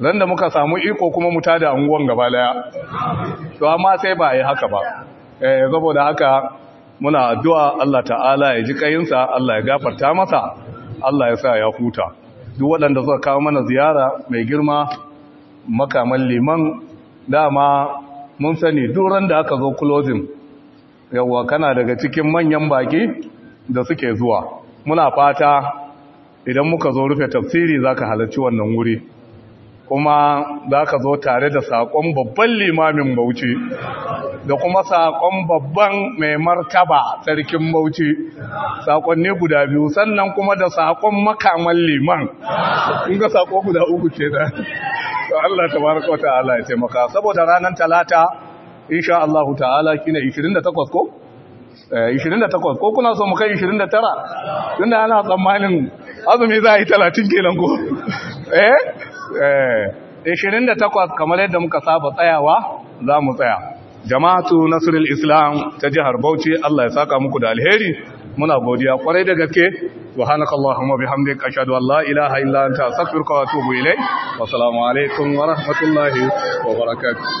ran da muka samu iko kuma mu da anguwan gaba daya to amma sai ba yi haka ba eh saboda haka muna addu'a Allah ta'ala ya ji kayinsa Allah ya gafarta masa Allah ya sa ya huta duk waɗanda suka kawo mana ziyara mai girma makaman liman dama mun sani duran da aka zo closing yawwa kana daga cikin manyan baki da suke zuwa muna fata idan muka zo rufe tafsiri za ka halarci wannan wuri kuma za ka zo tare da saƙon babban limamin bauchi da kuma saƙon babban mai martaba sarkin bauchi ne guda biyu sannan kuma da saƙon makaman liman in ga saƙo guda uku ce da Allah ta baraka wa ta'ala ya taimaka saboda ranar talata insha Allah ta'ala kina 28 ko 28 eh, ko kuna so mu kai 29 tunda ana tsammanin azumi za a yi 30 kenan ko eh eh 28 kamar yadda muka saba tsayawa za mu tsaya jama'atu nasrul islam ta jihar Bauchi Allah ya saka muku da alheri muna godiya kwarai da gaske subhanakallahumma bihamdika ashhadu an la ilaha illa anta astaghfiruka wa atubu ilayk wa assalamu alaikum wa rahmatullahi wa barakatuh